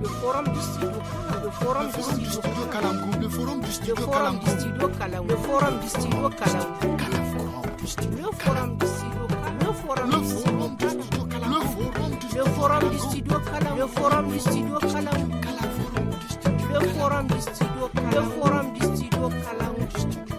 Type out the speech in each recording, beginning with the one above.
le forum du studio le forum du le forum du studio calam, le forum du studio Kalamgou le forum du studio le forum du le forum du studio calam, le forum du studio calam, le forum du studio calam, le forum du studio calam, le forum du studio calam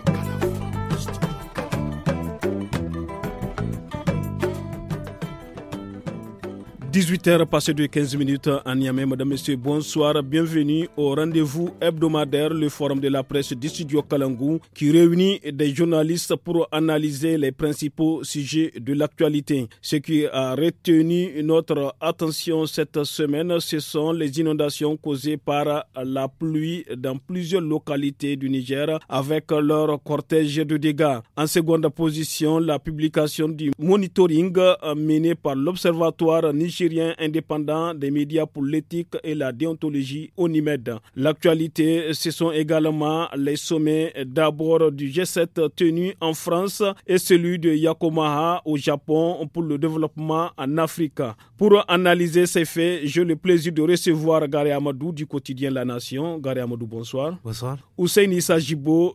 18h passé de 15 minutes à Niamey. Madame, Monsieur, bonsoir. Bienvenue au rendez-vous hebdomadaire, le forum de la presse du studio Kalangou, qui réunit des journalistes pour analyser les principaux sujets de l'actualité. Ce qui a retenu notre attention cette semaine, ce sont les inondations causées par la pluie dans plusieurs localités du Niger avec leur cortège de dégâts. En seconde position, la publication du monitoring mené par l'Observatoire Niger indépendant des médias pour l'éthique et la déontologie au NIMED. L'actualité, ce sont également les sommets d'abord du G7 tenu en France et celui de Yakomaha au Japon pour le développement en Afrique. Pour analyser ces faits, j'ai le plaisir de recevoir Gary Amadou du quotidien La Nation. Gary Amadou, bonsoir. Bonsoir. Hussein Issa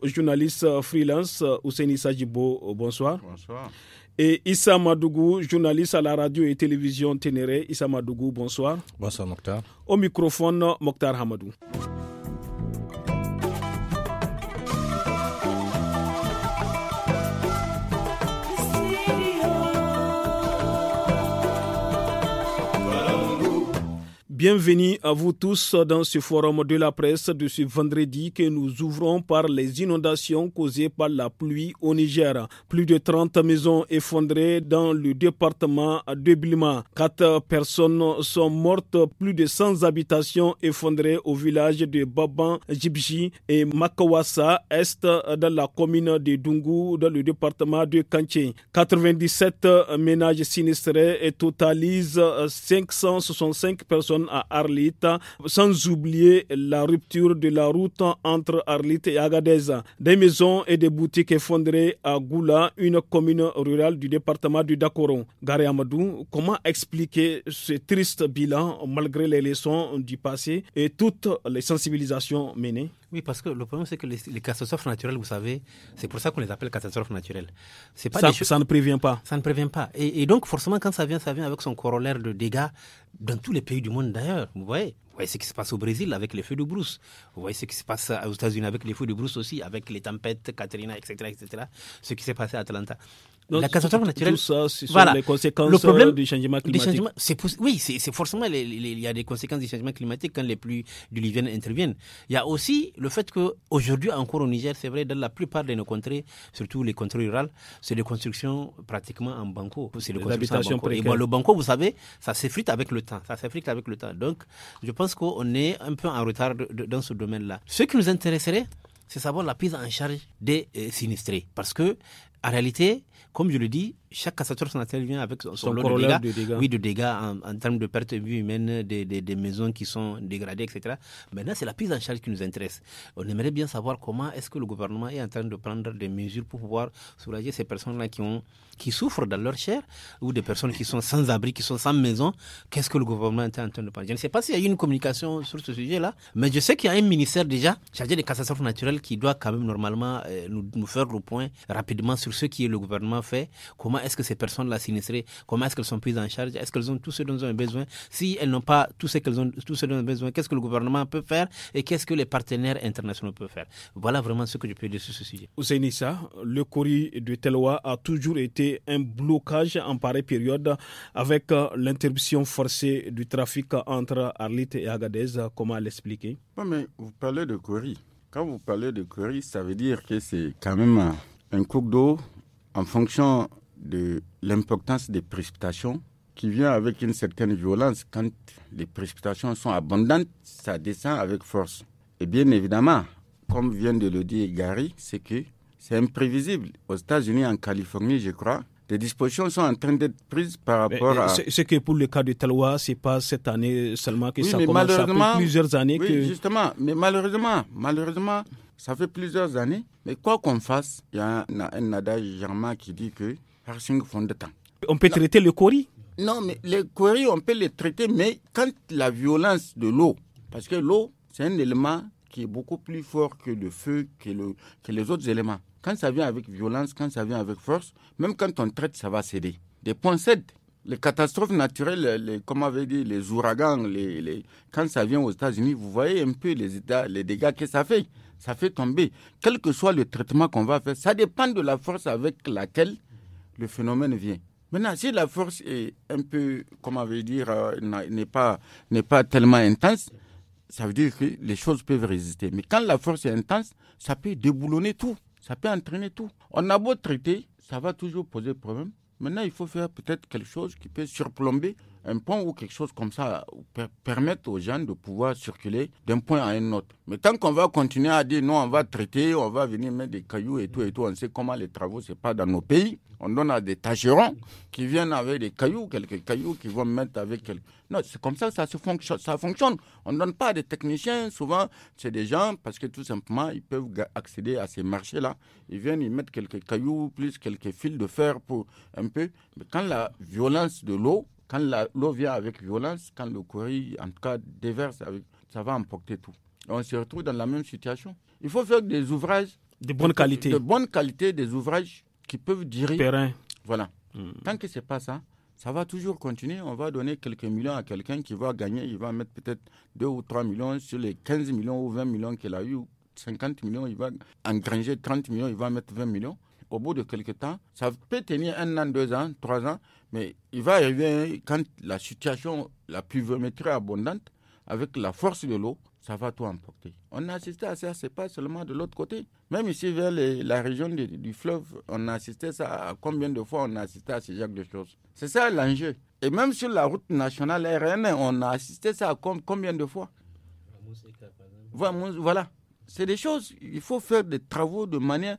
journaliste freelance. Hussein Issa bonsoir. Bonsoir. Et Issa Madougou, journaliste à la radio et télévision Ténéré. Issa Madougou, bonsoir. Bonsoir Mokhtar. Au microphone, Mokhtar Hamadou. Bienvenue à vous tous dans ce forum de la presse de ce vendredi que nous ouvrons par les inondations causées par la pluie au Niger. Plus de 30 maisons effondrées dans le département de Bilma. Quatre personnes sont mortes, plus de 100 habitations effondrées au village de Baban, Jibji et Makawasa, est dans la commune de Dungu, dans le département de Kanché. 97 ménages sinistrés et totalisent 565 personnes à Arlit, sans oublier la rupture de la route entre Arlit et Agadez. Des maisons et des boutiques effondrées à Goula, une commune rurale du département du Dakoron. Gary Amadou, comment expliquer ce triste bilan malgré les leçons du passé et toutes les sensibilisations menées oui, parce que le problème, c'est que les, catastrophes naturelles, vous savez, c'est pour ça qu'on les appelle catastrophes naturelles. ça, ne prévient pas. Ça ne prévient pas. Et, donc, forcément, quand ça vient, ça vient avec son corollaire de dégâts dans tous les pays du monde d'ailleurs. Vous voyez vous ce qui se passe au Brésil avec les feux de brousse. Vous voyez ce qui se passe aux États-Unis avec les feux de brousse aussi, avec les tempêtes, Katrina, etc., etc. Ce qui s'est passé à Atlanta la catastrophe naturelle. Tout ça, les conséquences le problème euh, du changement climatique. c'est oui, c'est forcément il y a des conséquences du changement climatique quand les pluies diluviennes interviennent. Il y a aussi le fait que aujourd'hui encore au Niger, c'est vrai, dans la plupart de nos contrées, surtout les contrées rurales, c'est des constructions pratiquement en banco. C'est des précaire Et banco. le banco, vous savez, ça s'effrite avec le temps. Ça s'effrite avec le temps. Donc, je pense qu'on est un peu en retard dans ce domaine-là. Ce qui nous intéresserait, c'est savoir la prise en charge des euh, sinistrés, parce que en réalité comme je le dis, chaque catastrophe naturelle vient avec son, lot de dégâts, Oui, de dégâts en, termes de pertes de vie humaine, des, maisons qui sont dégradées, etc. Maintenant, c'est la prise en charge qui nous intéresse. On aimerait bien savoir comment est-ce que le gouvernement est en train de prendre des mesures pour pouvoir soulager ces personnes-là qui, ont, qui souffrent dans leur chair ou des personnes qui sont sans abri, qui sont sans maison. Qu'est-ce que le gouvernement est en train de prendre Je ne sais pas s'il y a eu une communication sur ce sujet-là, mais je sais qu'il y a un ministère déjà chargé des catastrophes naturelles qui doit quand même normalement euh, nous, nous faire le point rapidement sur ce qui est le gouvernement fait, comment est-ce que ces personnes-là sinistrées, comment est-ce qu'elles sont prises en charge Est-ce qu'elles ont tout ce dont elles ont besoin Si elles n'ont pas tout ce qu'elles ont, tout ce dont elles ont besoin, qu'est-ce que le gouvernement peut faire et qu'est-ce que les partenaires internationaux peuvent faire Voilà vraiment ce que je peux dire sur ce sujet. Ousseinissa, le Cori de Teloa a toujours été un blocage en pareille période avec euh, l'interruption forcée du trafic entre Arlit et Agadez. Comment l'expliquer Non, mais vous parlez de Cori. Quand vous parlez de Cori, ça veut dire que c'est quand même un coup d'eau en fonction de l'importance des précipitations qui vient avec une certaine violence. Quand les précipitations sont abondantes, ça descend avec force. Et bien évidemment, comme vient de le dire Gary, c'est que c'est imprévisible. Aux États-Unis, en Californie, je crois, des dispositions sont en train d'être prises par rapport à. C'est que pour le cas de Talwa, c'est pas cette année seulement que ça commence. Ça fait plusieurs années oui, Justement, mais malheureusement, malheureusement, ça fait plusieurs années. Mais quoi qu'on fasse, il y a un, un adage germain qui dit que on peut traiter le cori Non, mais le cori, on peut le traiter, mais quand la violence de l'eau, parce que l'eau, c'est un élément qui est beaucoup plus fort que le feu, que, le, que les autres éléments. Quand ça vient avec violence, quand ça vient avec force, même quand on traite, ça va céder. Des points cèdent les catastrophes naturelles, les, comme avait dit, les ouragans, les, les, quand ça vient aux États-Unis, vous voyez un peu les, états, les dégâts que ça fait. Ça fait tomber. Quel que soit le traitement qu'on va faire, ça dépend de la force avec laquelle le phénomène vient. Maintenant, si la force est un peu, comment veut dire, euh, n'est pas, n'est pas tellement intense, ça veut dire que les choses peuvent résister. Mais quand la force est intense, ça peut déboulonner tout, ça peut entraîner tout. On a beau traiter, ça va toujours poser problème. Maintenant, il faut faire peut-être quelque chose qui peut surplomber un pont ou quelque chose comme ça permettre aux gens de pouvoir circuler d'un point à un autre. Mais tant qu'on va continuer à dire non, on va traiter, on va venir mettre des cailloux et tout et tout, on sait comment les travaux se pas dans nos pays. On donne à des tâcherons qui viennent avec des cailloux, quelques cailloux qui vont mettre avec Non, c'est comme ça ça, se ça fonctionne. On ne donne pas à des techniciens, souvent c'est des gens parce que tout simplement ils peuvent accéder à ces marchés-là. Ils viennent, ils mettent quelques cailloux, plus quelques fils de fer pour un peu. Mais quand la violence de l'eau quand l'eau vient avec violence, quand le courrier, en tout cas, déverse, ça va emporter tout. on se retrouve dans la même situation. Il faut faire des ouvrages. De bonne qualité. De bonne qualité, des ouvrages qui peuvent durer. Voilà. Hmm. Tant que ce n'est pas ça, ça va toujours continuer. On va donner quelques millions à quelqu'un qui va gagner. Il va mettre peut-être 2 ou 3 millions sur les 15 millions ou 20 millions qu'il a eu. 50 millions, il va engranger 30 millions, il va mettre 20 millions au bout de quelques temps, ça peut tenir un an, deux ans, trois ans, mais il va arriver quand la situation, la pluviométrie abondante, avec la force de l'eau, ça va tout emporter. On a assisté à ça, c'est pas seulement de l'autre côté. Même ici, vers la région du, fleuve, on a assisté ça. combien de fois on a assisté à ce genre de choses C'est ça l'enjeu. Et même sur la route nationale RN, on a assisté ça à combien de fois Voilà. C'est des choses, il faut faire des travaux de manière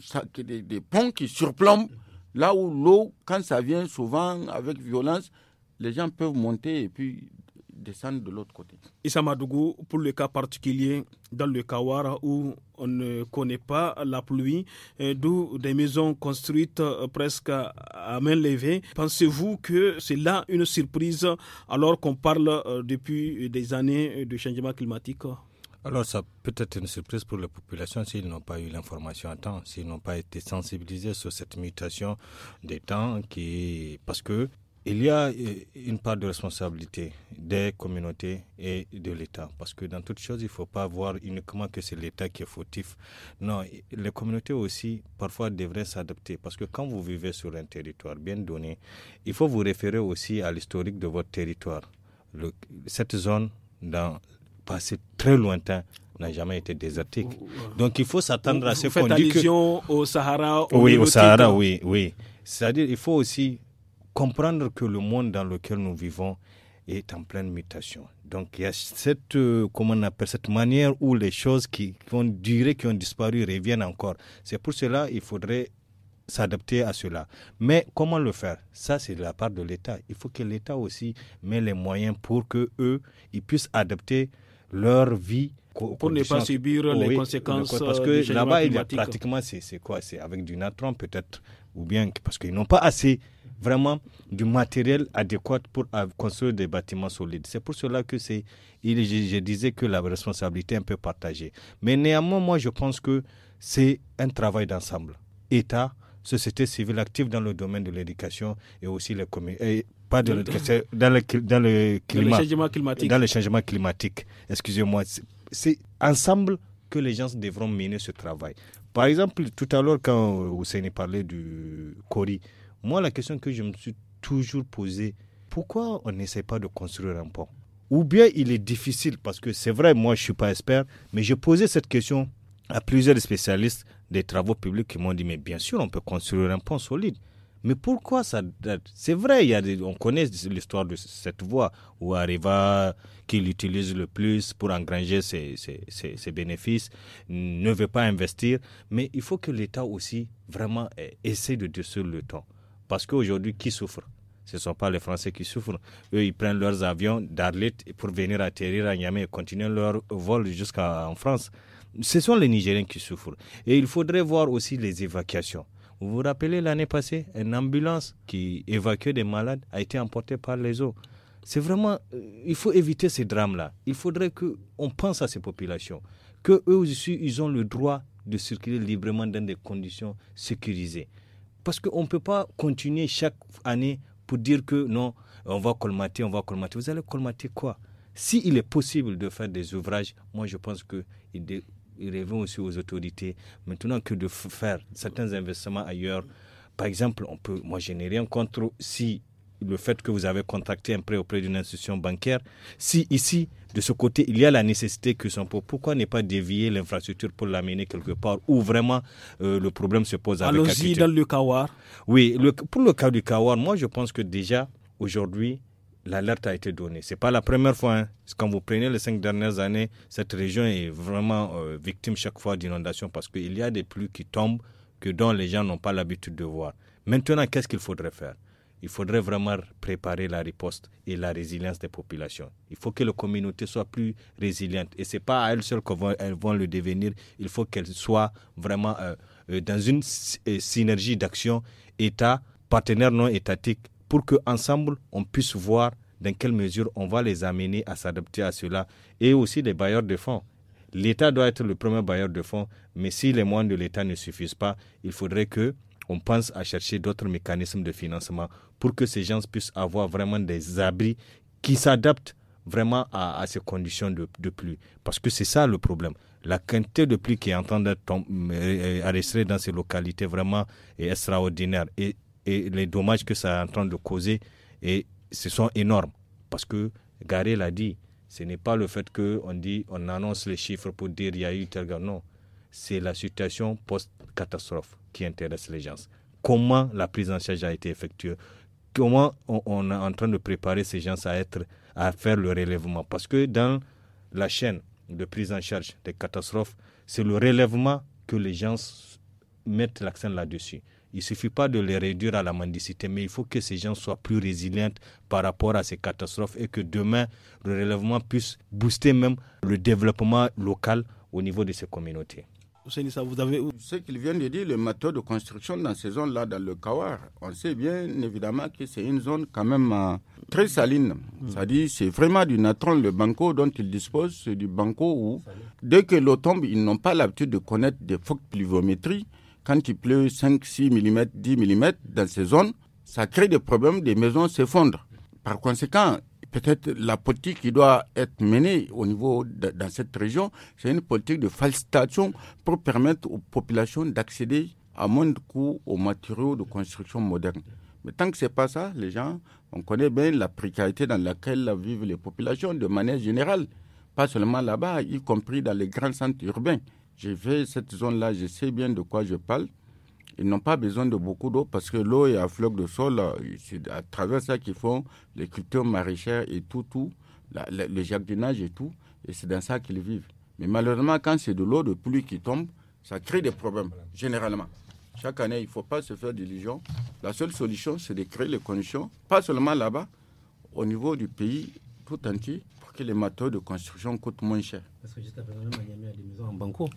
ça, des, des, ponts qui surplombent, là où l'eau, quand ça vient souvent avec violence, les gens peuvent monter et puis descendre de l'autre côté. et Madougou, pour le cas particulier, dans le Kawara où on ne connaît pas la pluie, euh, d'où des maisons construites euh, presque à main levée, pensez-vous que c'est là une surprise alors qu'on parle euh, depuis des années de changement climatique alors ça peut être une surprise pour la population s'ils n'ont pas eu l'information à temps, s'ils n'ont pas été sensibilisés sur cette mutation des temps qui parce que il y a eh, une part de responsabilité des communautés et de l'État. Parce que dans toute chose, il ne faut pas voir uniquement que c'est l'État qui est fautif. Non, les communautés aussi, parfois, devraient s'adapter. Parce que quand vous vivez sur un territoire bien donné, il faut vous référer aussi à l'historique de votre territoire. Le, cette zone, dans passé très lointain n'a jamais été désertique. Donc il faut s'attendre à ce qu'on dit que... au Sahara. oui, au Sahara, hein. oui, oui. C'est-à-dire il faut aussi comprendre que le monde dans lequel nous vivons est en pleine mutation. Donc il y a cette, euh, comment on appelle, cette manière où les choses qui, vont durer, qui ont disparu, reviennent encore. C'est pour cela qu'il faudrait s'adapter à cela. Mais comment le faire Ça, c'est de la part de l'État. Il faut que l'État aussi mette les moyens pour que eux, ils puissent adapter leur vie. Pour ne pas subir les conséquences. Euh, parce que là-bas, il y a pratiquement, c'est quoi C'est avec du natron peut-être, ou bien parce qu'ils n'ont pas assez vraiment du matériel adéquat pour euh, construire des bâtiments solides. C'est pour cela que c'est, je, je, disais que la responsabilité est un peu partagée. Mais néanmoins, moi, je pense que c'est un travail d'ensemble. État, société civile active dans le domaine de l'éducation et aussi les communes. Pas dans, le, dans le climat. Dans le changement climatique. Dans le changement climatique. Excusez-moi. C'est ensemble que les gens devront mener ce travail. Par exemple, tout à l'heure, quand Hussein parlait du Cori, moi, la question que je me suis toujours posée, pourquoi on n'essaie pas de construire un pont Ou bien il est difficile, parce que c'est vrai, moi, je ne suis pas expert, mais j'ai posé cette question à plusieurs spécialistes des travaux publics qui m'ont dit, mais bien sûr, on peut construire un pont solide. Mais pourquoi ça C'est vrai, on connaît l'histoire de cette voie où Arriva, qui l'utilise le plus pour engranger ses, bénéfices, ne veut pas investir. Mais il faut que l'État aussi vraiment eh, essaie de dessus le temps. Parce qu'aujourd'hui, qui souffre ce ne sont pas les Français qui souffrent. Eux, ils prennent leurs avions d'Arlit pour venir atterrir à Niamey et continuer leur vol jusqu'en France. Ce sont les Nigériens qui souffrent. Et il faudrait voir aussi les évacuations. Vous vous rappelez l'année passée, une ambulance qui évacuait des malades a été emportée par les eaux. C'est vraiment, euh, il faut éviter ces drames-là. Il faudrait qu'on pense à ces populations, que eux aussi, ils ont le droit de circuler librement dans des conditions sécurisées. Parce qu'on ne peut pas continuer chaque année pour dire que non, on va colmater, on va colmater. Vous allez colmater quoi S'il est possible de faire des ouvrages, moi je pense qu'il ils revient aussi aux autorités maintenant que de faire certains investissements ailleurs. Par exemple, on peut, moi je n'ai rien contre si le fait que vous avez contracté un prêt auprès d'une institution bancaire, si ici, de ce côté, il y a la nécessité que son pourquoi ne pas dévier l'infrastructure pour l'amener quelque part où vraiment euh, le problème se pose avec Allons-y dans le Kawar. Oui, pour le cas du Kawar, moi je pense que déjà, aujourd'hui, l'alerte a été donnée. Ce n'est pas la première fois. Hein. Quand vous prenez les cinq dernières années, cette région est vraiment euh, victime chaque fois d'inondations parce qu'il y a des pluies qui tombent que dont les gens n'ont pas l'habitude de voir. Maintenant, qu'est-ce qu'il faudrait faire Il faudrait vraiment préparer la riposte et la résilience des populations. Il faut que les communauté soit plus résiliente. Et ce n'est pas à elles seules qu'elles vont, le devenir. Il faut qu'elles soient vraiment euh, euh, dans une synergie d'action État, partenaire non étatique pour qu'ensemble, on puisse voir dans quelle mesure on va les amener à s'adapter à cela. Et aussi des bailleurs de fonds. L'État doit être le premier bailleur de fonds, mais si les moyens de l'État ne suffisent pas, il faudrait que on pense à chercher d'autres mécanismes de financement pour que ces gens puissent avoir vraiment des abris qui s'adaptent vraiment à, ces conditions de, pluie. Parce que c'est ça le problème. La quantité de pluie qui est en train d'être euh, euh, dans ces localités vraiment est extraordinaire. Et et les dommages que ça est en train de causer et ce sont énormes parce que Garé l'a dit, ce n'est pas le fait qu'on dit on annonce les chiffres pour dire il y a eu tel gars. Non, c'est la situation post-catastrophe qui intéresse les gens. Comment la prise en charge a été effectuée Comment on, est en train de préparer ces gens à être à faire le relèvement Parce que dans la chaîne de prise en charge des catastrophes, c'est le relèvement que les gens mettent l'accent là-dessus. Il ne suffit pas de les réduire à la mendicité, mais il faut que ces gens soient plus résilients par rapport à ces catastrophes et que demain, le relèvement puisse booster même le développement local au niveau de ces communautés. Vous avez... Ce qu'il vient de dire, le matériau de construction dans ces zones-là, dans le Kawar, on sait bien évidemment que c'est une zone quand même euh, très saline. Hmm. C'est-à-dire, c'est vraiment du natron, le banco dont ils disposent, c'est du banco où, dès que l'eau tombe, ils n'ont pas l'habitude de connaître des fortes pluviométries quand il pleut 5, 6 mm, 10 mm dans ces zones, ça crée des problèmes, des maisons s'effondrent. Par conséquent, peut-être la politique qui doit être menée au niveau de, dans cette région, c'est une politique de facilitation pour permettre aux populations d'accéder à moins de coûts aux matériaux de construction moderne. Mais tant que ce n'est pas ça, les gens, on connaît bien la précarité dans laquelle vivent les populations de manière générale, pas seulement là-bas, y compris dans les grands centres urbains. J'ai fait cette zone-là, je sais bien de quoi je parle. Ils n'ont pas besoin de beaucoup d'eau parce que l'eau est à fleur de sol. C'est à travers ça qu'ils font les cultures maraîchères et tout, tout, le jardinage et tout. Et c'est dans ça qu'ils vivent. Mais malheureusement, quand c'est de l'eau de pluie qui tombe, ça crée des problèmes, généralement. Chaque année, il ne faut pas se faire d'illusion. La seule solution, c'est de créer les conditions, pas seulement là-bas, au niveau du pays tout entier, les matériaux de construction coûtent moins cher. Parce que juste à il a des maisons en banco.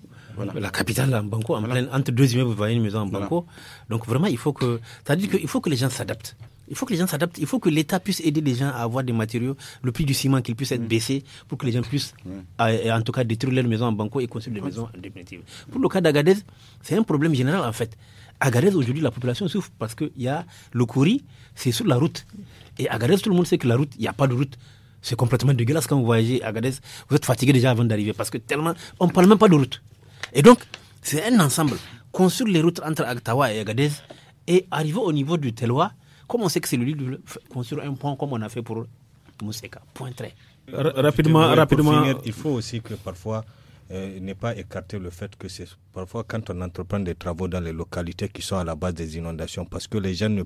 La capitale en banco, entre deux immeubles, vous voyez une maison en banco. Donc vraiment, il faut que, c'est-à-dire qu'il faut que les gens s'adaptent. Il faut que les gens s'adaptent. Il faut que l'État puisse aider les gens à avoir des matériaux, le prix du ciment qu'il puisse être baissé pour que les gens puissent, en tout cas, détruire leurs maisons en banco et construire des maisons en Pour le cas d'Agadez, c'est un problème général en fait. Agadez, aujourd'hui, la population souffre parce qu'il y a le courrier, c'est sur la route. Et Agadez, tout le monde sait que la route, il n'y a pas de route. C'est complètement dégueulasse quand vous voyagez à Agadez. Vous êtes fatigué déjà avant d'arriver parce que tellement, on ne parle même pas de route. Et donc, c'est un ensemble. Construire les routes entre Agtawa et Agadez et arriver au niveau du Teloa, comme on sait que c'est le lieu de construire un pont comme on a fait pour Mousseka. Point très. Rapidement, rapidement. il faut aussi que parfois, il euh, n'est pas écarté le fait que c'est parfois quand on entreprend des travaux dans les localités qui sont à la base des inondations, parce que les gens ne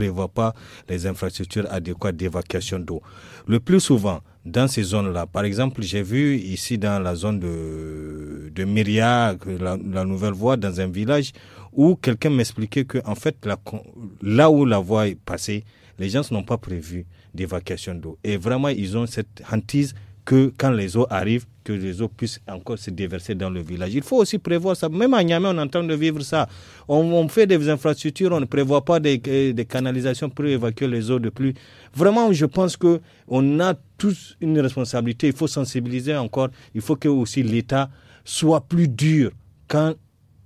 prévoit pas les infrastructures adéquates d'évacuation d'eau. Le plus souvent, dans ces zones-là. Par exemple, j'ai vu ici dans la zone de, de la, nouvelle voie, dans un village, où quelqu'un m'expliquait que, en fait, là où la voie est passée, les gens n'ont pas prévu d'évacuation d'eau. Et vraiment, ils ont cette hantise que quand les eaux arrivent, que les eaux puissent encore se déverser dans le village. Il faut aussi prévoir ça. Même à Niamey, on est en train de vivre ça. On, fait des infrastructures, on ne prévoit pas euh, des, canalisations pour évacuer les eaux de pluie. Vraiment, je pense que on a tous une responsabilité. Il faut sensibiliser encore. Il faut que aussi l'État soit plus dur quand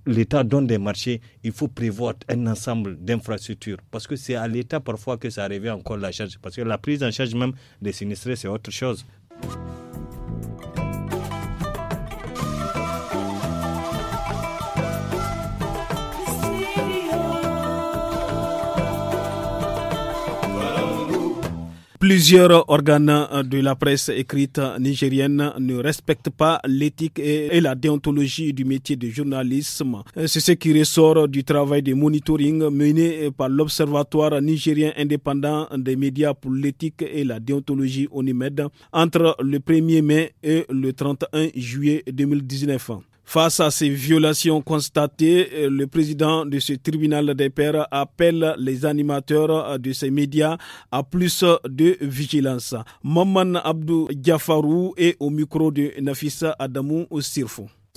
l'État donne des marchés, il faut prévoir un ensemble d'infrastructures. Parce que c'est à l'État parfois que ça arrive encore la charge. Parce que la prise en charge même des sinistrés, c'est autre chose. Plusieurs organes euh, de la presse écrite nigérienne ne respectent pas l'éthique et la déontologie du métier de journalisme. Euh, c'est ce qui ressort du travail de monitoring mené euh, par l'Observatoire nigérien indépendant des médias pour l'éthique et la déontologie ONIMED entre le 1er mai et le 31 juillet 2019. Face à ces violations constatées, euh, le président de ce tribunal des pairs appelle les animateurs euh, de ces médias à plus de vigilance. Maman Abdou Diafarou est au micro de Nafissa Adamou au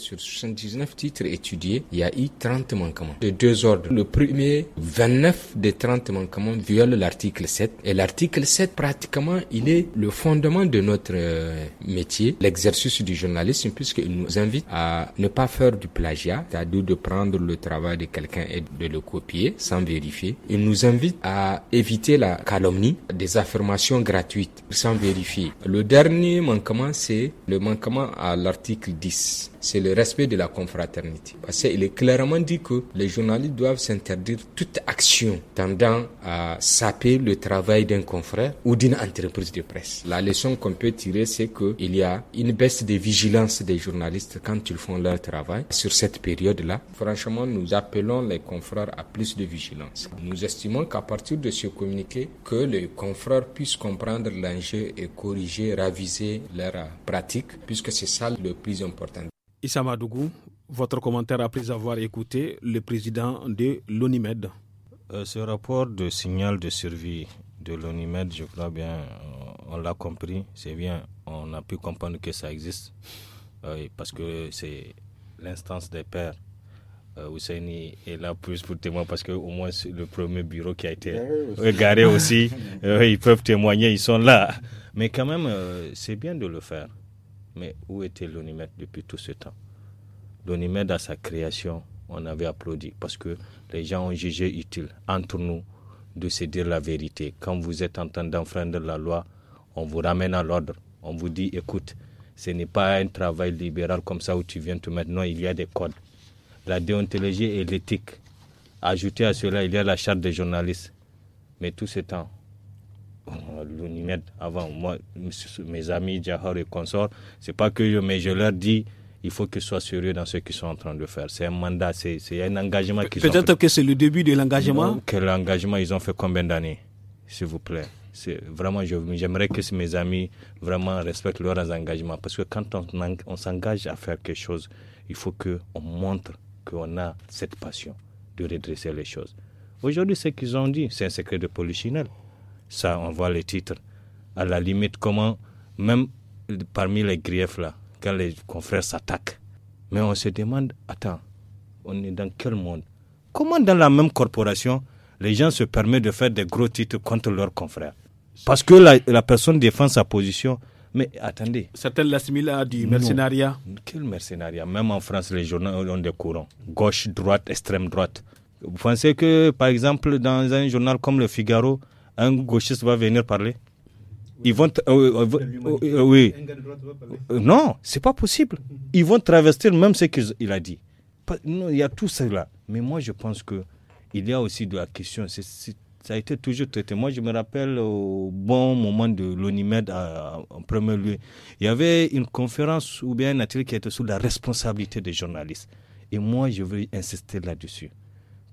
sur 79 titres étudiés, il y a eu 30 manquements de deux ordres. Le premier, 29 des 30 manquements violent l'article 7. Et l'article 7, pratiquement, il est le fondement de notre euh, métier, l'exercice du journalisme, puisqu'il nous invite à ne pas faire du plagiat, c'est-à-dire de prendre le travail de quelqu'un et de le copier sans vérifier. Il nous invite à éviter la calomnie, des affirmations gratuites sans vérifier. Le dernier manquement, c'est le manquement à l'article 10 c'est le respect de la confraternité. Parce qu'il est clairement dit que les journalistes doivent s'interdire toute action tendant à saper le travail d'un confrère ou d'une entreprise de presse. La leçon qu'on peut tirer, c'est qu'il y a une baisse de vigilance des journalistes quand ils font leur travail sur cette période-là. Franchement, nous appelons les confrères à plus de vigilance. Nous estimons qu'à partir de ce communiqué, que les confrères puissent comprendre l'enjeu et corriger, raviser leur pratique puisque c'est ça le plus important. Issa votre commentaire après avoir écouté le président de l'ONIMED. Euh, ce rapport de signal de survie de l'ONIMED, je crois bien, euh, on l'a compris, c'est bien, on a pu comprendre que ça existe, euh, parce que c'est l'instance des pères. Euh, Ousseini est là plus pour témoigner parce que au moins le premier bureau qui a été garé aussi, ils peuvent témoigner, ils sont là. Mais quand même, c'est bien de le faire mais où était l'onimètre depuis tout ce temps L'onimètre, dans sa création, on avait applaudi parce que les gens ont jugé utile, entre nous, de se dire la vérité. Quand vous êtes en train d'enfreindre la loi, on vous ramène à l'ordre. On vous dit, écoute, ce n'est pas un travail libéral comme ça où tu viens tout maintenant, il y a des codes. La déontologie et l'éthique. Ajouté à cela, il y a la charte des journalistes. Mais tout ce temps, euh, l'UNIMED avant. Moi, mes amis Jahar et consorts, c'est pas que je, mais je leur dis il faut qu'ils soient sérieux dans ce qu'ils sont en train de faire. C'est un mandat, c'est un engagement qu'ils Peut-être que c'est le début de l'engagement. Quel engagement ils ont fait combien d'années, s'il vous plaît Vraiment, j'aimerais que mes amis vraiment respectent leurs engagements. Parce que quand on, on s'engage à faire quelque chose, il faut qu'on montre qu'on a cette passion de redresser les choses. Aujourd'hui, ce qu'ils ont dit, c'est un secret de polichinelle. Ça, on voit les titres. À la limite, comment, même parmi les griefs là, quand les confrères s'attaquent, mais on se demande, attends, on est dans quel monde Comment dans la même corporation, les gens se permettent de faire des gros titres contre leurs confrères Parce que la, personne défend sa position. Mais attendez. Certains l'assimilent à du mercenariat. Quel mercenariat Même en France, les journaux ont des courants. Gauche, droite, extrême droite. Vous pensez que, par exemple, dans un journal comme Le Figaro, un gauchiste va venir parler. Ils vont, oui. Non, c'est pas possible. Ils vont travestir même ce qu'il a dit. il y a tout cela. Mais moi, je pense que il y a aussi de la question. ça a été toujours traité. Moi, je me rappelle au bon moment de l'ONIMED en premier lieu. Il y avait une conférence ou bien un atelier qui était sous la responsabilité des journalistes. Et moi, je veux insister là-dessus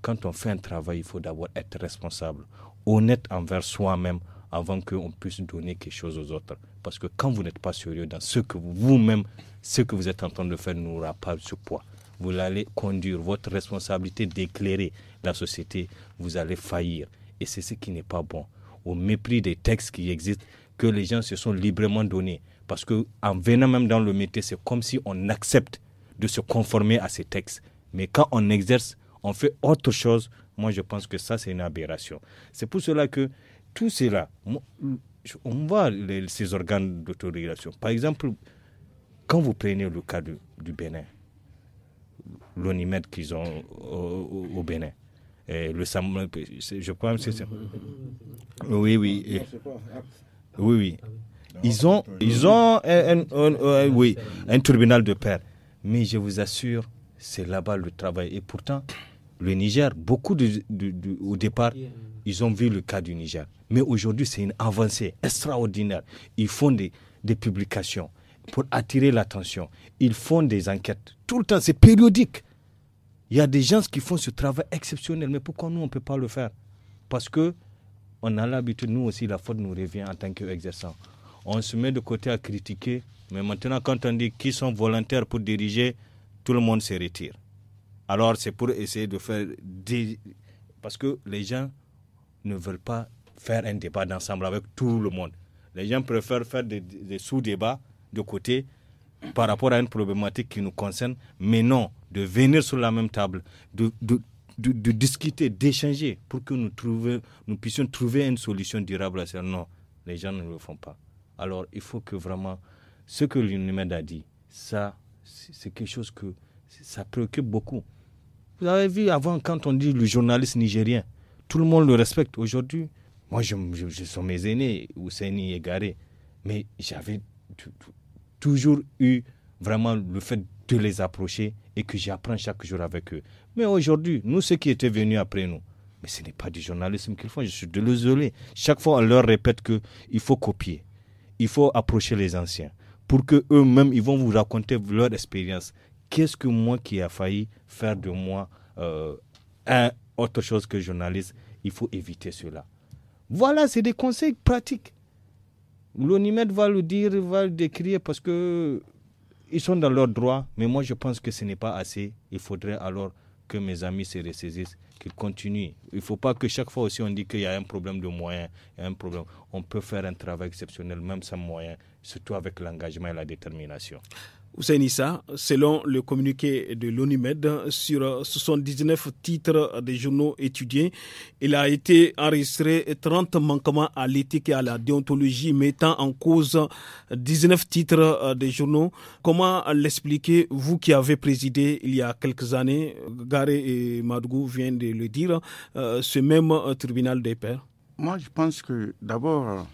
quand on fait un travail, il faut d'abord être responsable, honnête envers soi-même avant qu'on puisse donner quelque chose aux autres. Parce que quand vous n'êtes pas sérieux dans ce que vous-même, ce que vous êtes en train de faire n'aura pas ce poids. Vous allez conduire votre responsabilité d'éclairer la société, vous allez faillir. Et c'est ce qui n'est pas bon. Au mépris des textes qui existent, que les gens se sont librement donnés. Parce que en venant même dans le métier, c'est comme si on accepte de se conformer à ces textes. Mais quand on exerce, on fait autre chose, moi je pense que ça c'est une aberration. C'est pour cela que tout cela, on voit ces organes d'autorégulation. Par exemple, quand vous prenez le cas du, du Bénin, l'onimètre qu'ils ont au, au, Bénin, et le Samuel, je crois c'est ça. Oui, oui. Oui, oui. Ils ont, ils ont un, oui, un tribunal de paix. Mais je vous assure, c'est là-bas le travail. Et pourtant, le Niger, beaucoup de, au départ, ils ont vu le cas du Niger. Mais aujourd'hui, c'est une avancée extraordinaire. Ils font des, publications pour attirer l'attention. Ils font des enquêtes. Tout le temps, c'est périodique. Il y a des gens qui font ce travail exceptionnel. Mais pourquoi nous, on ne peut pas le faire Parce que on a l'habitude, nous aussi, la faute nous revient en tant qu'exerçants. On se met de côté à critiquer. Mais maintenant, quand on dit qu'ils sont volontaires pour diriger, tout le monde se retire. Alors c'est pour essayer de faire des... Parce que les gens ne veulent pas faire un débat d'ensemble avec tout le monde. Les gens préfèrent faire des, sous-débats de côté par rapport à une problématique qui nous concerne, mais non, de venir sur la même table, de, discuter, d'échanger pour que nous, nous puissions trouver une solution durable à ça. Non, les gens ne le font pas. Alors il faut que vraiment, ce que l'UNIMED a dit, ça, c'est quelque chose que ça préoccupe beaucoup. Vous avez vu avant, quand on dit le journaliste nigérien, tout le monde le respecte. Aujourd'hui, moi, je, je, sont mes aînés, Ousseini et Garé, mais j'avais toujours eu vraiment le fait de les approcher et que j'apprends chaque jour avec eux. Mais aujourd'hui, nous, ceux qui étaient venus après nous, mais ce n'est pas du journalisme qu'ils font, je suis désolé. Chaque fois, on leur répète qu'il faut copier, il faut approcher les anciens pour que eux-mêmes, ils vont vous raconter leur expérience qu'est-ce que moi qui a failli faire de moi euh, un autre chose que journaliste Il faut éviter cela. Voilà, c'est des conseils pratiques. L'onimètre va le dire, va le décrire parce que ils sont dans leur droit mais moi je pense que ce n'est pas assez. Il faudrait alors que mes amis se ressaisissent, qu'ils continuent. Il ne faut pas que chaque fois aussi on dit qu'il y a un problème de moyens, il un problème. On peut faire un travail exceptionnel même sans moyens, surtout avec l'engagement et la détermination selon le communiqué de l'Onimed sur 79 titres des journaux étudiés, il a été enregistré 30 manquements à l'éthique et à la déontologie mettant en cause 19 titres des journaux. Comment l'expliquer, vous qui avez présidé il y a quelques années, Gare et Madougou viennent de le dire, euh, ce même tribunal des pairs Moi, je pense que d'abord,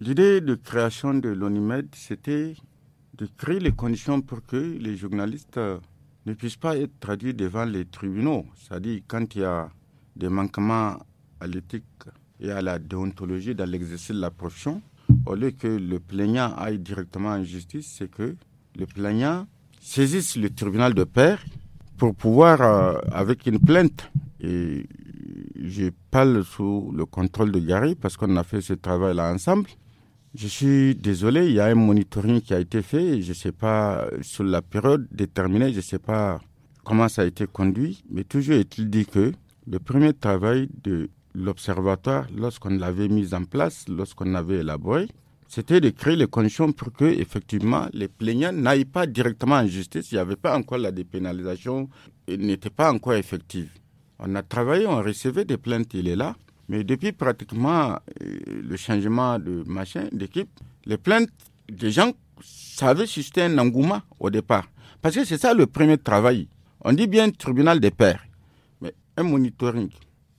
l'idée de création de l'Onimed, c'était de créer les conditions pour que les journalistes euh, ne puissent pas être traduits devant les tribunaux. C'est-à-dire quand il y a des manquements à l'éthique et à la déontologie dans l'exercice de la profession, au lieu que le plaignant aille directement en justice, c'est que le plaignant saisisse le tribunal de paix pour pouvoir, euh, avec une plainte, et je parle sous le contrôle de Gary parce qu'on a fait ce travail-là ensemble, je suis désolé, il y a un monitoring qui a été fait. Je ne sais pas, sur la période déterminée, je ne sais pas comment ça a été conduit. Mais toujours est-il dit que le premier travail de l'observatoire, lorsqu'on l'avait mis en place, lorsqu'on l'avait élaboré, c'était de créer les conditions pour que, effectivement, les plaignants n'aillent pas directement en justice. Il n'y avait pas encore la dépénalisation, elle n'était pas encore effective. On a travaillé, on recevait des plaintes, il est là. Mais depuis pratiquement euh, le changement de machin, d'équipe, les plaintes des gens avait suscité un engouement au départ. Parce que c'est ça le premier travail. On dit bien tribunal des pairs, mais un monitoring.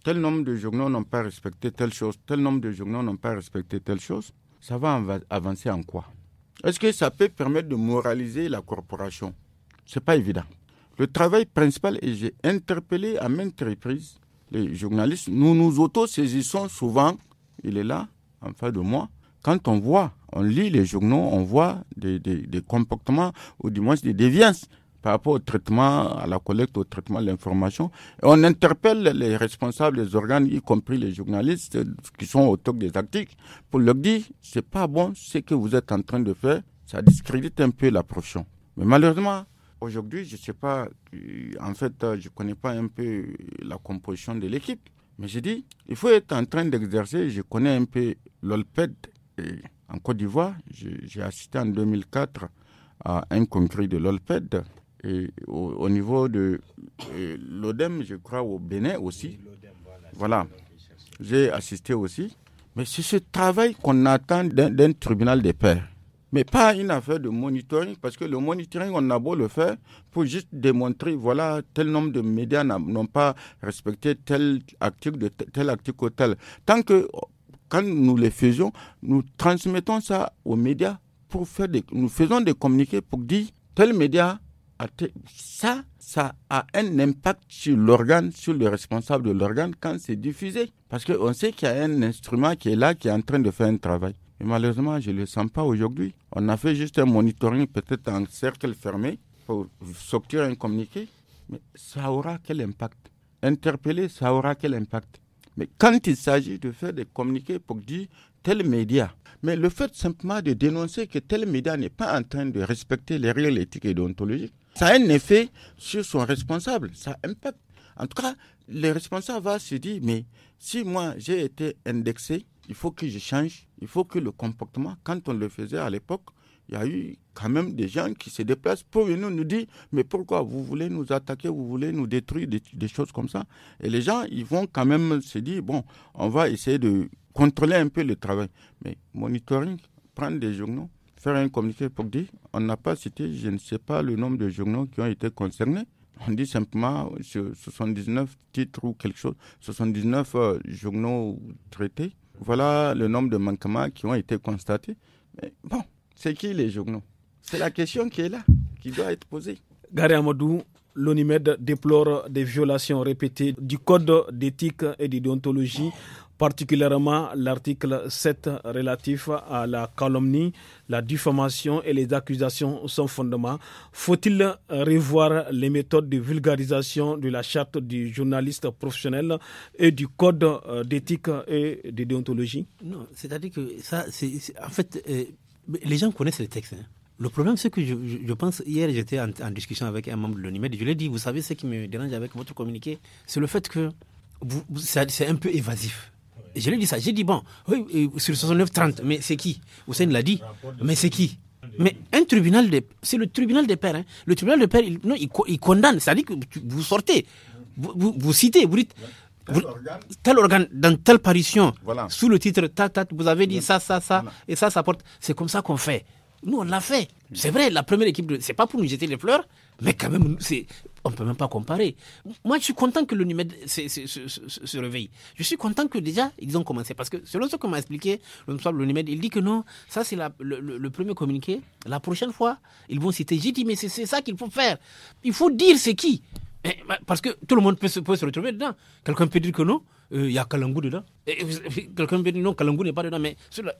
Tel nombre de journaux n'ont pas respecté telle chose, tel nombre de journaux n'ont pas respecté telle chose, ça va avancer en quoi Est-ce que ça peut permettre de moraliser la corporation C'est pas évident. Le travail principal, et j'ai interpellé à maintes reprises les journalistes, nous nous auto-saisissons souvent, il est là, en face de moi, quand on voit, on lit les journaux, on voit des, des, des comportements ou du moins des déviances par rapport au traitement, à la collecte, au traitement de l'information. Et on interpelle les responsables des organes, y compris les journalistes qui sont autour des tactiques, pour leur dire, c'est pas bon ce que vous êtes en train de faire, ça discrédite un peu l'approche. Mais malheureusement, Aujourd'hui, je ne sais pas, euh, en fait, euh, je ne connais pas un peu euh, la composition de l'équipe, mais j'ai dit, il faut être en train d'exercer. Je connais un peu l'OLPED en Côte d'Ivoire. J'ai assisté en 2004 à un congrès de l'OLPED. Et au, niveau de l'ODEM, je crois, au Bénin aussi. Voilà. J'ai assisté aussi. Mais c'est ce travail qu'on attend d'un tribunal des pairs mais pas une affaire de monitoring, parce que le monitoring, on a beau le faire pour juste démontrer, voilà, tel nombre de médias n'ont pas respecté tel article, de tel article ou tel. Tant que, quand nous les faisons, nous transmettons ça aux médias pour faire des, nous faisons des communiqués pour dire, tel média a ça, ça a un impact sur l'organe, sur le responsable de l'organe quand c'est diffusé. Parce qu'on sait qu'il y a un instrument qui est là, qui est en train de faire un travail malheureusement, je ne le sens pas aujourd'hui. On a fait juste un monitoring, peut-être en cercle fermé, pour sortir un communiqué. Mais ça aura quel impact Interpeller, ça aura quel impact Mais quand il s'agit de faire des communiqués pour dire tel média, mais le fait simplement de dénoncer que tel média n'est pas en train de respecter les règles éthiques et déontologiques, ça a un effet sur son responsable, ça impacte. En tout cas, le responsable va se dire, mais si moi j'ai été indexé, il faut que je change, il faut que le comportement, quand on le faisait à l'époque, il y a eu quand même des gens qui se déplacent pour nous dire, mais pourquoi vous voulez nous attaquer, vous voulez nous détruire, des, des, choses comme ça. Et les gens, ils vont quand même se dire, bon, on va essayer de contrôler un peu le travail. Mais monitoring, prendre des journaux, faire un communiqué pour dire, on n'a pas cité, je ne sais pas le nombre de journaux qui ont été concernés. On dit simplement 79 titres ou quelque chose, 79 euh, journaux traités voilà le nombre de manquements qui ont été constatés. Mais bon, c'est qui les journaux C'est la question qui est là, qui doit être posée. Gary Amadou, l'ONIMED déplore des violations répétées du code d'éthique et d'idéontologie particulièrement l'article 7 relatif à la calomnie, la diffamation et les accusations sans fondement. Faut-il revoir les méthodes de vulgarisation de la charte du journaliste professionnel et du code euh, d'éthique et de déontologie Non, c'est-à-dire que ça, c'est, en fait, euh, les gens connaissent les textes. Hein. Le problème, c'est que je, pense, hier, j'étais en, discussion avec un membre de l'ONIMED, e je lui ai dit, vous savez, ce qui me dérange avec votre communiqué, c'est le fait que c'est un peu évasif je lui ai dit ça. J'ai dit, bon, oui, euh, sur 69-30, mais c'est qui Hussein l'a dit, mais c'est qui mais un tribunal de. C'est le tribunal des pères. Hein. Le tribunal des pères, il, non, condamne. C'est-à-dire que vous sortez, vous, citez, vous dites. tel organe, dans telle parution, sous le titre vous avez dit ça, ça, ça, et ça, ça porte. C'est comme ça qu'on fait. Nous, on l'a fait. C'est vrai, la première équipe, de... c'est pas pour nous jeter les fleurs, mais quand même, c'est on ne peut même pas comparer. Moi, je suis content que le se, se, réveille. Je suis content que déjà, ils ont commencé. Parce que selon ce qu'on m'a expliqué, Numed, il dit que non, ça c'est le, premier communiqué. La prochaine fois, ils vont citer. J'ai dit, mais c'est ça qu'il faut faire. Il faut dire c'est qui. Eh, bah, parce que tout le monde peut se, retrouver dedans. Quelqu'un peut dire que non, il euh, y a Kalangou dedans. Eh, eh, quelqu'un peut dire non, Kalangou n'est pas dedans, mais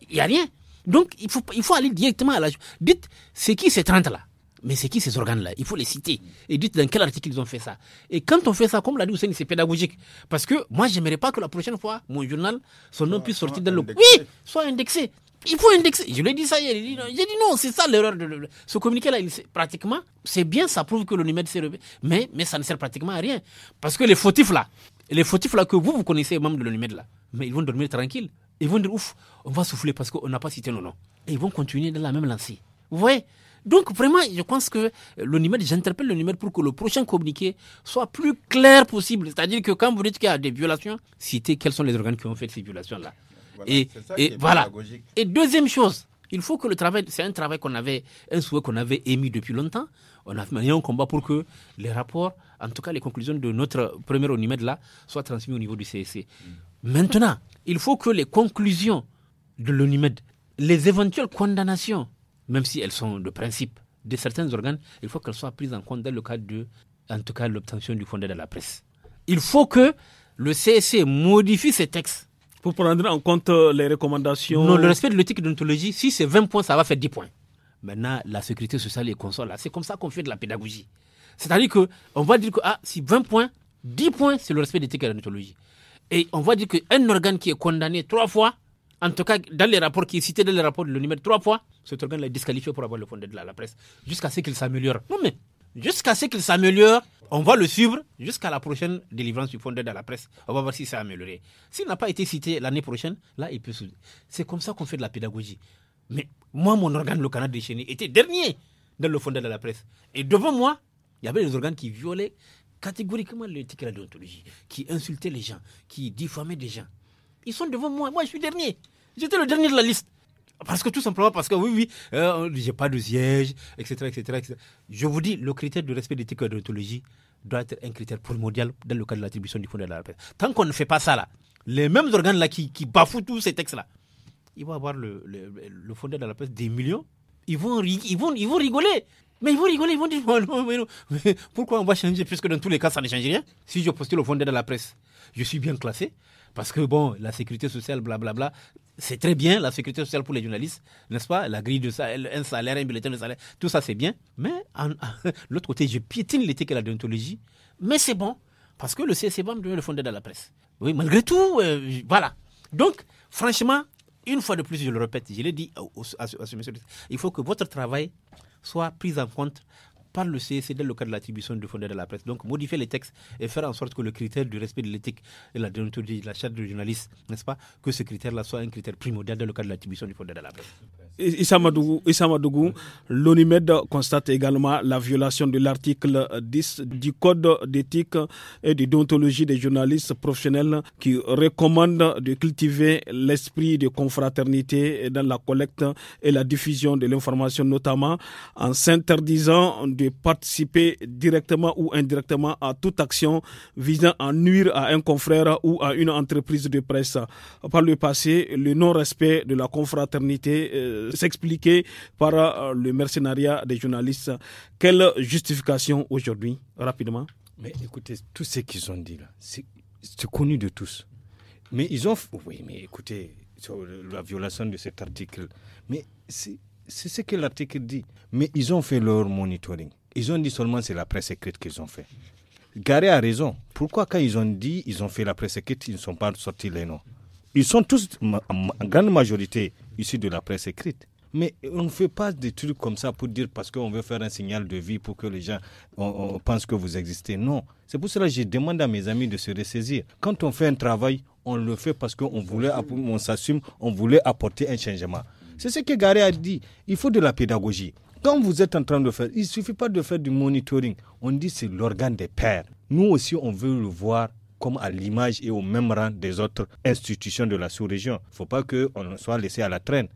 il n'y a rien. Donc, il faut, il faut aller directement à la. Dites, c'est qui ces 30 là mais c'est qui ces organes-là Il faut les citer. Et dites dans quel article ils ont fait ça. Et quand on fait ça, comme l'a dit c'est pédagogique. Parce que moi, je n'aimerais pas que la prochaine fois, mon journal, son nom puisse sortir dans le. Oui, soit indexé. Il faut indexer. Je lui ai dit ça hier. J'ai dit non, c'est ça l'erreur. De... Ce communiqué-là, pratiquement, c'est bien, ça prouve que le numéro s'est mais, mais ça ne sert pratiquement à rien. Parce que les fautifs là, les fautifs là que vous, vous connaissez, membres de numérique là, mais ils vont dormir tranquilles. Ils vont dire ouf, on va souffler parce qu'on n'a pas cité nos noms. Et ils vont continuer dans la même lancée. Vous voyez donc vraiment, je pense que l'ONIMED, j'interpelle l'ONIMED pour que le prochain communiqué soit plus clair possible. C'est-à-dire que quand vous dites qu'il y a des violations, citez quels sont les organes qui ont fait ces violations-là. et, voilà. Et deuxième chose, il faut que le travail, c'est un travail qu'on avait, un souhait qu'on avait émis depuis longtemps. On a mené un combat pour que les rapports, en tout cas les conclusions de notre premier ONIMED là, soient transmises au niveau du CSC. Mm. Maintenant, il faut que les conclusions de l'ONIMED, les éventuelles condamnations même si elles sont de principe, de certains organes, il faut qu'elles soient prises en compte dans le cadre de, en tout cas, l'obtention du fonds de la presse. Il faut que le CSC modifie ses textes. Pour prendre en compte euh, les recommandations. Non, le respect de l'éthique de d'ontologie, si c'est 20 points, ça va faire 10 points. Maintenant, la sécurité sociale et consorts, c'est comme ça qu'on fait de la pédagogie. C'est-à-dire qu'on va dire que ah, si 20 points, 10 points, c'est le respect de l'éthique et de l'ontologie. Et on va dire qu'un organe qui est condamné trois fois, en tout cas, dans les rapports qui est cité dans les rapports, le numéro trois fois, cet organe l'a disqualifié pour avoir le fondé de la, presse, jusqu'à ce qu'il s'améliore. Non mais, jusqu'à ce qu'il s'améliore, on va le suivre jusqu'à la prochaine délivrance du fondé de la presse. On va voir si ça a amélioré. S'il n'a pas été cité l'année prochaine, là, il peut se... C'est comme ça qu'on fait de la pédagogie. Mais moi, mon organe, le Canada déchaîné, était dernier dans le fondé de la presse. Et devant moi, il y avait des organes qui violaient catégoriquement l'éthique de la qui insultaient les gens, qui diffamaient des gens. Ils sont devant moi. Moi, je suis dernier. J'étais le dernier de la liste. Parce que tout simplement, parce que oui, oui, euh, j'ai pas de siège, etc., etc., Je vous dis, le critère du respect d'éthique et d'ontologie doit être un critère primordial dans le cadre de l'attribution du fonds de la presse. Tant qu'on ne fait pas ça, là, les mêmes organes là qui, bafouent tous ces textes-là, ils vont avoir le, le, fondé de la presse des millions, ils vont, vont, ils vont rigoler. Mais ils vont rigoler, ils vont dire pourquoi on va changer Puisque dans tous les cas, ça ne change rien. Si je postule le fondé de la presse, je suis bien classé. Parce que, bon, la sécurité sociale, blablabla, c'est très bien, la sécurité sociale pour les journalistes, n'est-ce pas La grille de salaire, un salaire, un bulletin de salaire, tout ça, c'est bien. Mais, en, l'autre côté, je piétine l'éthique et la déontologie. Mais c'est bon, parce que le me devient le fonder de la presse. Oui, malgré tout, euh, voilà. Donc, franchement, une fois de plus, je le répète, je l'ai dit à ce monsieur, il faut que votre travail soit pris en compte par le CEC dans le cadre de l'attribution du fondateur de la presse. Donc modifier les textes et faire en sorte que le critère du respect de l'éthique et la déontologie de la charte du journaliste, n'est-ce pas, que ce critère-là soit un critère primordial dans le cadre de l'attribution du fondateur de la presse. Issa Madougou, l'ONIMED constate également la violation de l'article 10 du Code d'éthique et de déontologie des journalistes professionnels qui recommande de cultiver l'esprit de confraternité dans la collecte et la diffusion de l'information, notamment en s'interdisant de participer directement ou indirectement à toute action visant à nuire à un confrère ou à une entreprise de presse. Par le passé, le non-respect de la confraternité euh, s'expliquait par euh, le mercenariat des journalistes. Quelle justification aujourd'hui, rapidement Mais écoutez, tout ce qu'ils ont dit là, c'est connu de tous. Mais ils ont... Oui, mais écoutez, sur la violation de cet article. Mais c'est c'est ce que l'article dit. Mais ils ont fait leur monitoring. Ils ont dit seulement c'est la presse écrite qu'ils ont fait. Garé a raison. Pourquoi quand ils ont dit ils ont fait la presse écrite, ils ne sont pas sortis les noms Ils sont tous, en grande majorité, issus de la presse écrite. Mais on ne fait pas des trucs comme ça pour dire parce qu'on veut faire un signal de vie pour que les gens pensent que vous existez. Non. C'est pour cela que je demande à mes amis de se ressaisir. Quand on fait un travail, on le fait parce qu'on voulait, on s'assume, on voulait apporter un changement. C'est ce que Garé a dit. Il faut de la pédagogie. Quand vous êtes en train de faire, il ne suffit pas de faire du monitoring. On dit c'est l'organe des pères. Nous aussi, on veut le voir comme à l'image et au même rang des autres institutions de la sous-région. Il ne faut pas qu'on soit laissé à la traîne.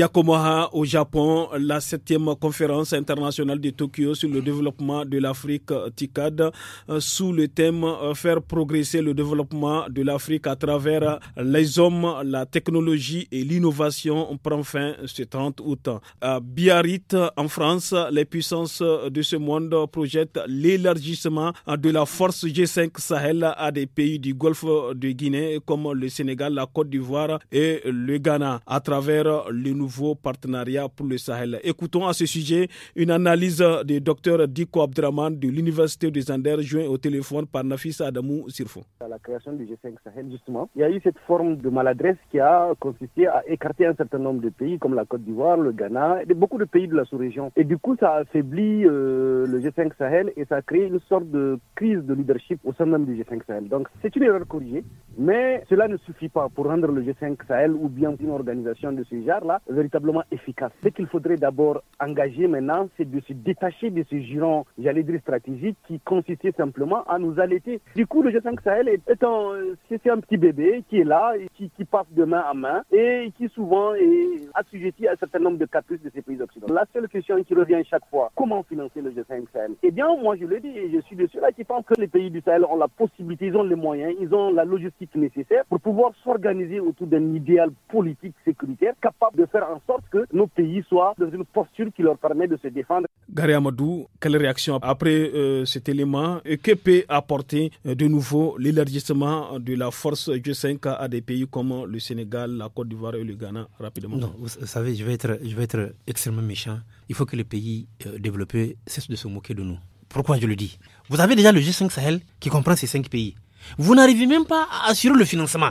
À au Japon, la septième conférence internationale de Tokyo sur le développement de l'Afrique TICAD euh, sous le thème euh, Faire progresser le développement de l'Afrique à travers les hommes, la technologie et l'innovation prend fin ce 30 août. À Biarritz, en France, les puissances de ce monde projettent l'élargissement de la force G5 Sahel à des pays du Golfe de Guinée comme le Sénégal, la Côte d'Ivoire et le Ghana à travers le nouveau partenariat pour le Sahel. Écoutons à ce sujet une analyse du docteur Diko Abdraman de l'Université des Anders, joint au téléphone par Nafis Adamou Sirfo. la création du G5 Sahel, justement, il y a eu cette forme de maladresse qui a consisté à écarter un certain nombre de pays comme la Côte d'Ivoire, le Ghana, et beaucoup de pays de la sous-région. Et du coup, ça affaiblit euh, le G5 Sahel et ça crée une sorte de crise de leadership au sein même du G5 Sahel. Donc, c'est une erreur corrigée, mais cela ne suffit pas pour rendre le G5 Sahel ou bien une organisation de ce genre-là véritablement efficace. Ce qu'il faudrait d'abord engager maintenant, c'est de se détacher de ce giron, j'allais dire stratégique, qui consistait simplement à nous allaiter. Du coup, le G5 Sahel est un, c'est un petit bébé qui est là, et qui, qui passe de main en main et qui souvent est assujetti à un certain nombre de caprices de ces pays occidentaux. La seule question qui revient chaque fois, comment financer le G5 Sahel Eh bien, moi je le dis, et je suis de ceux-là qui pensent que les pays du Sahel ont la possibilité, ils ont les moyens, ils ont la logistique nécessaire pour pouvoir s'organiser autour d'un idéal politique sécuritaire capable de faire en sorte que nos pays soient dans une posture qui leur permet de se défendre. Gary Amadou, quelle réaction après euh, cet élément et que peut apporter euh, de nouveau l'élargissement de la force G5 à des pays comme le Sénégal, la Côte d'Ivoire et le Ghana rapidement Non, vous savez, je vais être, je vais être extrêmement méchant. Il faut que les pays euh, développés cessent de se moquer de nous. Pourquoi je le dis Vous avez déjà le G5 Sahel qui comprend ces cinq pays. Vous n'arrivez même pas à assurer le financement.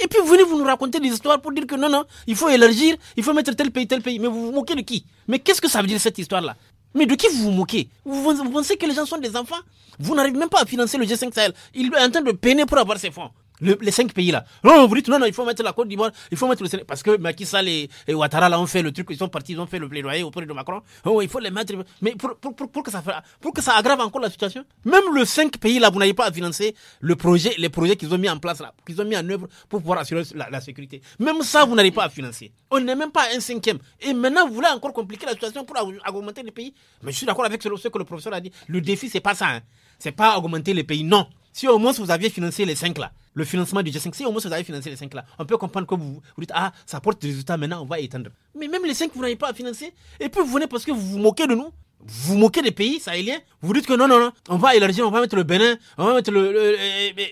Et puis venez vous nous raconter des histoires pour dire que non, non, il faut élargir, il faut mettre tel pays, tel pays. Mais vous vous moquez de qui Mais qu'est-ce que ça veut dire cette histoire-là mais de qui vous vous moquez vous, vous pensez que les gens sont des enfants Vous n'arrivez même pas à financer le G5 Sahel. Il est en train de peiner pour avoir ses fonds les cinq pays là. vous dites non, non, il faut mettre la Côte d'Ivoire, il faut mettre Parce que Macky Sall et, Ouattara là ont fait le truc, ils sont partis, ils ont fait le plaidoyer auprès de Macron. Oh, il faut les mettre. Mais pour, que, ça, pour que ça aggrave encore la situation, même le cinq pays là, vous n'avez pas à financer le projet, les projets qu'ils ont mis en place là, qu'ils ont mis en œuvre pour pouvoir assurer la, sécurité. Même ça, vous n'allez pas à financer. On n'est même pas un cinquième. Et maintenant, vous voulez encore compliquer la situation pour augmenter les pays. Mais je suis d'accord avec ce, que le professeur a dit. Le défi, c'est pas ça. Hein. C'est pas augmenter les pays. Non. Si au moins vous aviez financé les 5 là, le financement du G5, si au moins vous aviez financé les 5 là, on peut comprendre que vous, dites, ah, ça apporte des résultats, maintenant on va étendre. Mais même les 5, vous n'avez pas à financer. Et puis vous venez parce que vous vous moquez de nous. Vous vous moquez des pays sahéliens. Vous dites que non, non, non, on va élargir, on va mettre le Bénin, on va mettre le.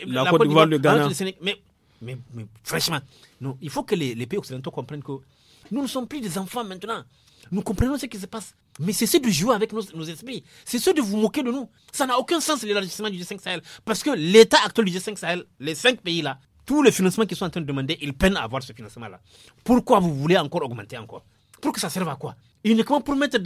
la, Côte d'Ivoire, le Ghana. Mais, mais, mais, franchement, non, il faut que les pays occidentaux comprennent que nous ne sommes plus des enfants maintenant. Nous comprenons ce qui se passe. Mais c'est cessez de jouer avec nos, esprits. C'est ceux de vous moquer de nous. Ça n'a aucun sens l'élargissement du G5 Sahel. Parce que l'état actuel du G5 Sahel, les cinq pays-là, tous les financements qu'ils sont en train de demander, ils peinent à avoir ce financement-là. Pourquoi vous voulez encore augmenter encore Pour que ça serve à quoi Uniquement pour mettre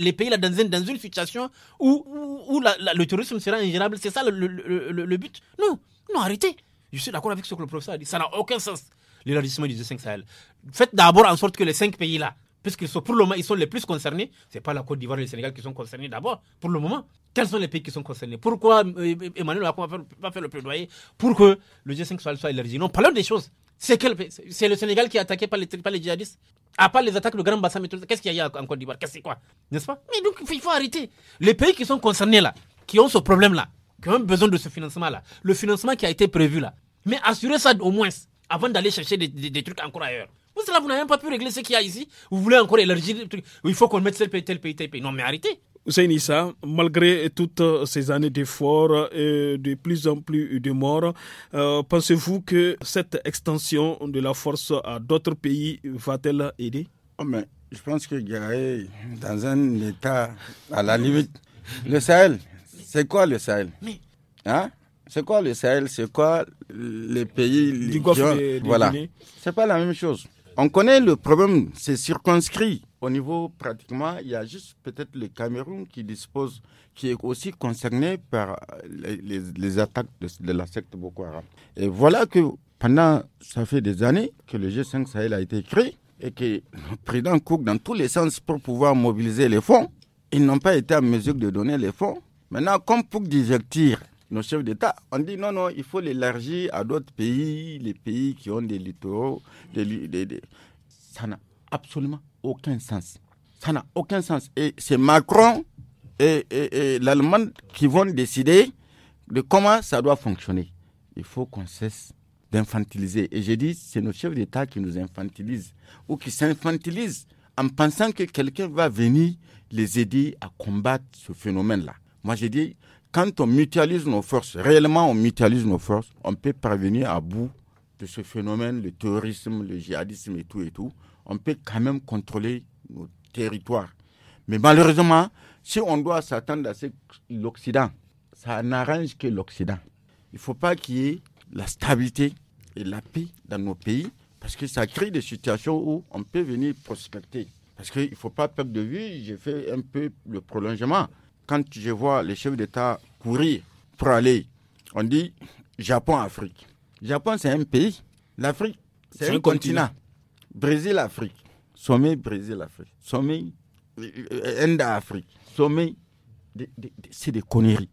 les pays-là dans, une situation où, le terrorisme sera ingérable. C'est ça le, but Non, non, arrêtez. Je suis d'accord avec ce que le professeur a dit. Ça n'a aucun sens, l'élargissement du G5 Sahel. Faites d'abord en sorte que les cinq pays-là puisqu'ils sont pour le moment, ils sont les plus concernés. Ce n'est pas la Côte d'Ivoire et le Sénégal qui sont concernés d'abord, pour le moment. Quels sont les pays qui sont concernés Pourquoi euh, Emmanuel Macron va faire, le plaidoyer pour que le G5 soit, soit élargi Non, parlons des choses. C'est le Sénégal qui est attaqué par les, par les djihadistes à part les attaques de Grand Bassam et qu'est-ce qu'il y a en Côte d'Ivoire Qu'est-ce que c'est quoi N'est-ce pas Mais donc, il faut arrêter. Les pays qui sont concernés là, qui ont ce problème-là, qui ont besoin de ce financement-là, le financement qui a été prévu là, mais assurer ça au moins avant d'aller chercher des, trucs encore ailleurs. Vous vous n'avez même pas pu régler ce qu'il y a ici. Vous voulez encore élargir le truc. Il faut qu'on mette tel pays, tel pays, tel pays. Non, mais arrêtez. Nissa, malgré toutes euh, ces années d'efforts et de plus en plus de morts, euh, pensez-vous que cette extension de la force à d'autres pays va-t-elle aider oh, Je pense que Gaé, dans un état à la limite, le Sahel, c'est quoi le Sahel hein C'est quoi le Sahel C'est quoi les pays du Voilà. C'est pas la même chose. On connaît le problème, c'est circonscrit. Au niveau pratiquement, il y a juste peut-être le Cameroun qui dispose, qui est aussi concerné par les, attaques de, la secte Boko Haram. Et voilà que pendant, ça fait des années que le G5 Sahel a été créé et que le président Cook, dans tous les sens, pour pouvoir mobiliser les fonds, ils n'ont pas été en mesure de donner les fonds. Maintenant, comme pour divertir nos chefs d'État On dit non, non, il faut l'élargir à d'autres pays, les pays qui ont des littoraux. Des, Ça n'a absolument aucun sens. Ça n'a aucun sens. Et c'est Macron et, l'Allemagne qui vont décider de comment ça doit fonctionner. Il faut qu'on cesse d'infantiliser. Et je dit, c'est nos chefs d'État qui nous infantilisent ou qui s'infantilisent en pensant que quelqu'un va venir les aider à combattre ce phénomène-là. Moi, j'ai dit, quand on mutualise nos forces, réellement on mutualise nos forces, on peut parvenir à bout de ce phénomène, le terrorisme, le djihadisme et tout et tout. On peut quand même contrôler nos territoires. Mais malheureusement, si on doit s'attendre à ce l'Occident, ça n'arrange que l'Occident. Il ne faut pas qu'il y ait la stabilité et la paix dans nos pays, parce que ça crée des situations où on peut venir prospecter. Parce qu'il ne faut pas perdre de vue, j'ai fait un peu le prolongement quand je vois les chefs d'État courir pour aller, on dit Japon-Afrique. Japon, c'est un pays. L'Afrique, c'est un, continent. Brésil-Afrique. Sommet Brésil-Afrique. Sommet euh, Inde-Afrique. Sommet. c'est des conneries.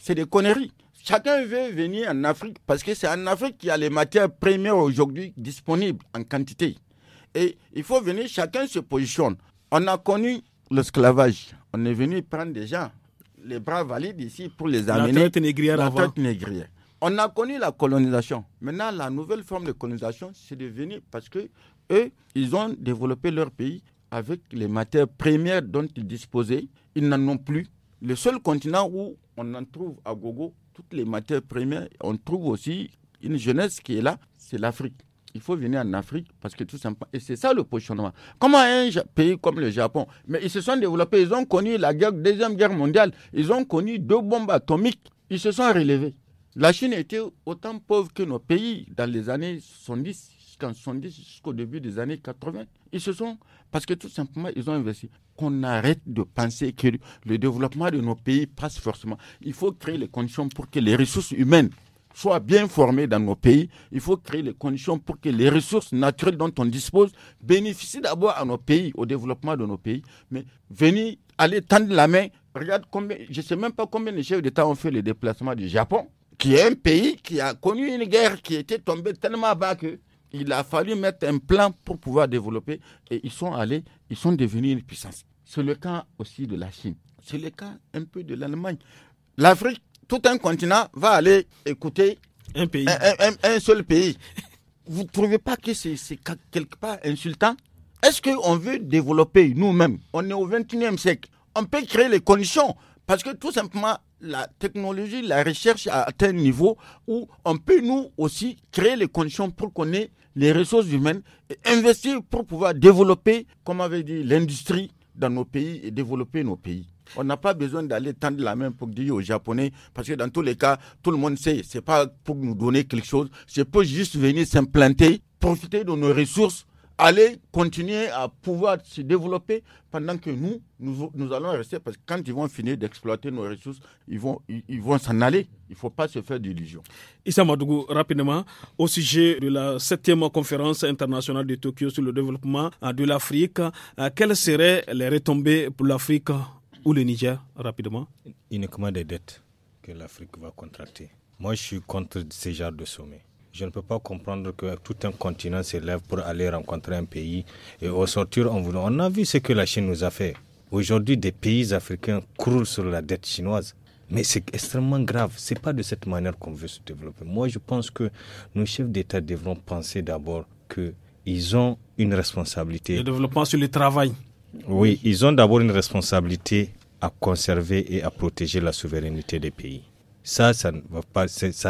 C'est des conneries. Chacun veut venir en Afrique parce que c'est en Afrique qu'il y a les matières premières aujourd'hui disponibles en quantité. Et il faut venir, chacun se positionne. On a connu l'esclavage on est venu prendre déjà les bras valides ici, pour les amener. La la négrière. On a connu la colonisation. Maintenant, la nouvelle forme de colonisation, c'est devenu parce que eux, ils ont développé leur pays avec les matières premières dont ils disposaient. Ils n'en ont plus. Le seul continent où on en trouve à Gogo toutes les matières premières, on trouve aussi une jeunesse qui est là, c'est l'Afrique il faut venir en Afrique parce que tout simplement, et c'est ça le positionnement. Comment un pays comme le Japon, mais ils se sont développés, ils ont connu la deuxième guerre mondiale, ils ont connu deux bombes atomiques, ils se sont relevés. La Chine était autant pauvre que nos pays dans les années 70, jusqu'en 70, jusqu'au début des années 80. Ils se sont, parce que tout simplement, ils ont investi. Qu'on arrête de penser que le développement de nos pays passe forcément. Il faut créer les conditions pour que les ressources humaines soit bien formés dans nos pays. Il faut créer les conditions pour que les ressources naturelles dont on dispose bénéficient d'abord à nos pays, au développement de nos pays. Mais venir, aller tendre la main, regarde combien, je ne sais même pas combien de chefs d'État ont fait le déplacement du Japon, qui est un pays qui a connu une guerre qui était tombée tellement bas que il a fallu mettre un plan pour pouvoir développer et ils sont allés, ils sont devenus une puissance. C'est le cas aussi de la Chine. C'est le cas un peu de l'Allemagne. L'Afrique tout un continent va aller écouter un, seul pays. Vous ne trouvez pas que c'est quelque part insultant Est-ce qu'on veut développer nous-mêmes On est au 21e siècle. On peut créer les conditions parce que tout simplement, la technologie, la recherche a atteint un niveau où on peut nous aussi créer les conditions pour qu'on ait les ressources humaines et investir pour pouvoir développer, comme avait dit, l'industrie dans nos pays et développer nos pays. On n'a pas besoin d'aller tendre la main pour dire aux Japonais, parce que dans tous les cas, tout le monde sait, ce n'est pas pour nous donner quelque chose, c'est pour juste venir s'implanter, profiter de nos ressources, aller continuer à pouvoir se développer pendant que nous, nous, allons rester, parce que quand ils vont finir d'exploiter nos ressources, ils vont s'en ils, aller. Il ne faut pas se faire d'illusions. Issa Madougou, rapidement, au sujet de la septième conférence internationale de Tokyo sur le développement de l'Afrique, euh, quelles seraient les retombées pour l'Afrique ou le Niger rapidement Uniquement des dettes que l'Afrique va contracter. Moi, je suis contre ces genres de sommet. Je ne peux pas comprendre que tout un continent s'élève pour aller rencontrer un pays et au sortir, on, voulant. on a vu ce que la Chine nous a fait. Aujourd'hui, des pays africains courent sur la dette chinoise. Mais c'est extrêmement grave. Ce n'est pas de cette manière qu'on veut se développer. Moi, je pense que nos chefs d'État devront penser d'abord qu'ils ont une responsabilité. Le développement sur le travail. Oui, ils ont d'abord une responsabilité à conserver et à protéger la souveraineté des pays. Ça, ça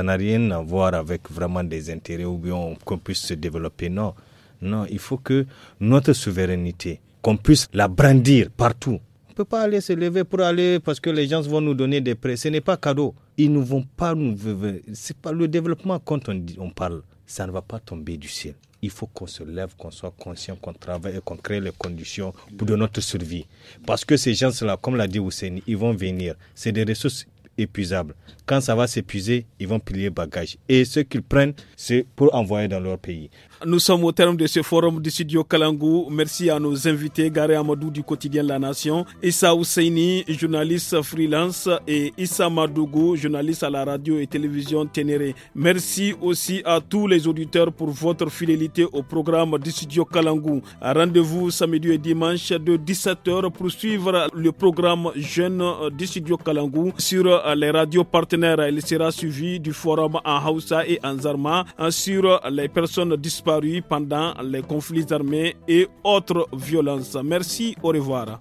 n'a rien à voir avec vraiment des intérêts ou bien qu'on puisse se développer. Non, non, il faut que notre souveraineté, qu'on puisse la brandir partout. On ne peut pas aller se lever pour aller parce que les gens vont nous donner des prêts. Ce n'est pas cadeau. Ils ne vont pas nous. C'est pas le développement quand on, on parle ça ne va pas tomber du ciel. Il faut qu'on se lève, qu'on soit conscient, qu'on travaille et qu'on crée les conditions pour notre survie. Parce que ces gens-là, comme l'a dit Hussein, ils vont venir. C'est des ressources épuisables. Quand ça va s'épuiser, ils vont plier bagages. Et ce qu'ils prennent, c'est pour envoyer dans leur pays. Nous sommes au terme de ce forum du studio Kalangou. Merci à nos invités, Gary Amadou du quotidien La Nation, Issa Ousseini, journaliste freelance, et Issa Madougou, journaliste à la radio et télévision Ténéré. Merci aussi à tous les auditeurs pour votre fidélité au programme du studio Kalangou. Rendez-vous samedi et dimanche de 17h pour suivre le programme Jeune du studio Kalangou sur les radios partenaires. Il sera suivi du forum en Hausa et en Zarma hein, sur les personnes disponibles pendant les conflits armés et autres violences. Merci, au revoir.